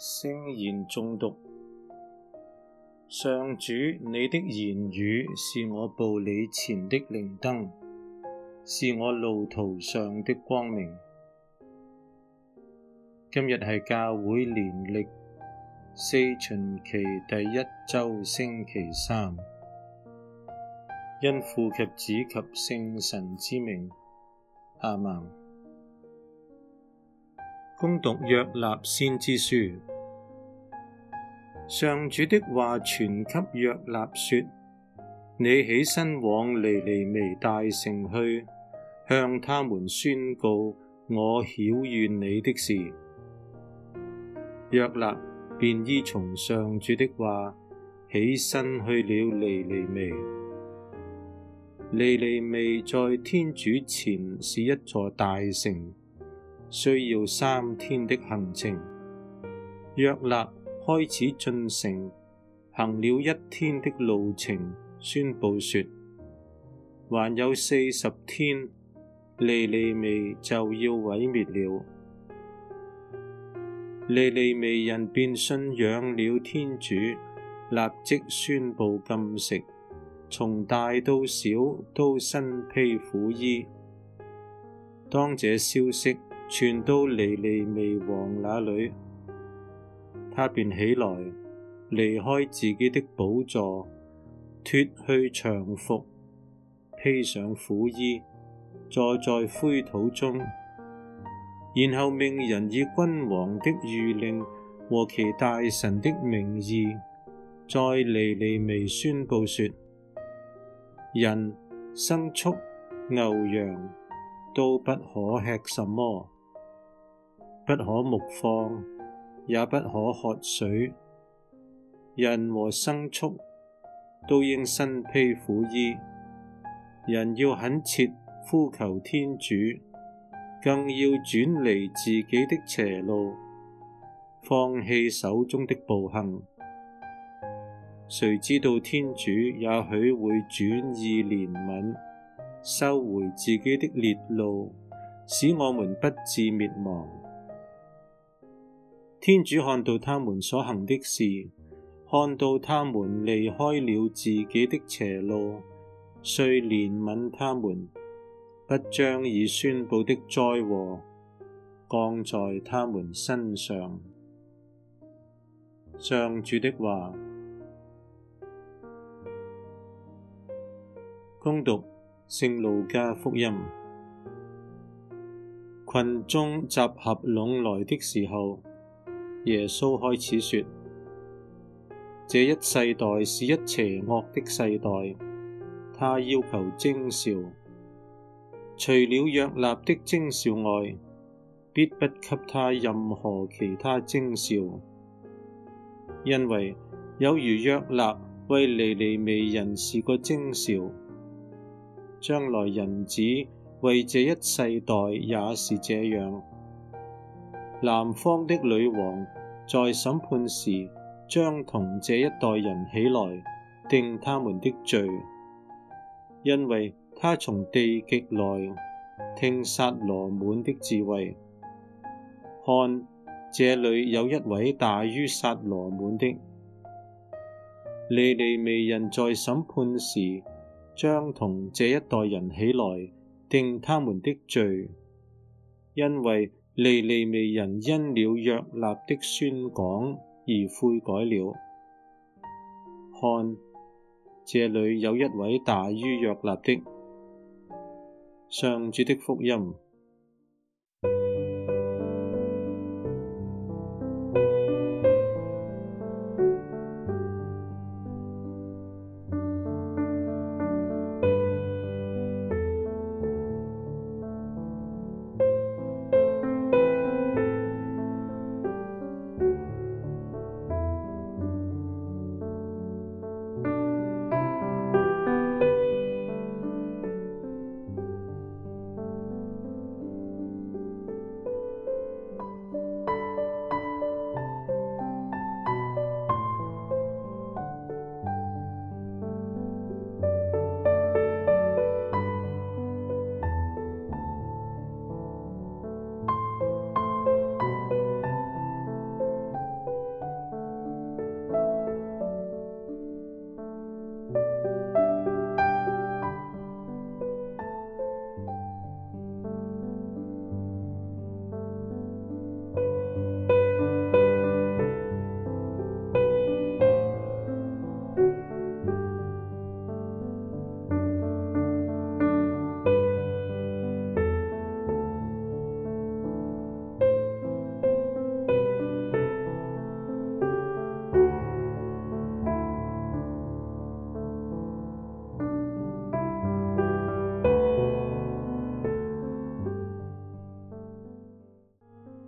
聖言誦讀。上主，你的言語是我步履前的靈燈，是我路途上的光明。今日係教會年曆四旬期第一周星期三，因父、及子及聖神之名，阿們。恭讀約納先知書，上主的話傳給約納說：你起身往尼尼微大城去，向他們宣告我曉諭你的事。約納便依從上主的話，起身去了尼尼微。尼尼微在天主前是一座大城。需要三天的行程。約納開始進城，行了一天的路程，宣佈說：還有四十天，尼尼微就要毀滅了。尼尼微人便信仰了天主，立即宣佈禁食，從大到小都身披苦衣。當這消息傳到尼尼微王那裏，他便起來，離開自己的寶座，脫去長服，披上苦衣，坐在灰土中。然後命人以君王的諭令和其大臣的名義，在尼尼微宣布說：人、牲畜、牛羊都不可吃什麼。不可牧放，也不可喝水。人和牲畜都應身披苦衣。人要懇切呼求天主，更要轉離自己的邪路，放棄手中的暴行。誰知道天主也許會轉意憐憫，收回自己的烈怒，使我們不致滅亡。天主看到他們所行的事，看到他們離開了自己的邪路，遂憐憫他們，不將已宣布的災禍降在他們身上。上主的話，恭讀聖路加福音。群眾集合攏來的時候。耶穌開始說：這一世代是一邪惡的世代，他要求徵兆，除了約納的徵兆外，必不給他任何其他徵兆，因為有如約納為尼尼微人是個徵兆，將來人子為這一世代也是這樣。南方的女王。在審判時，將同這一代人起來定他們的罪，因為他從地極來聽撒羅滿的智慧。看，這裏有一位大於撒羅滿的。尼尼微人在審判時，將同這一代人起來定他們的罪，因為。尼尼微人因了約納的宣講而悔改了。看，這裏有一位大於約納的，上主的福音。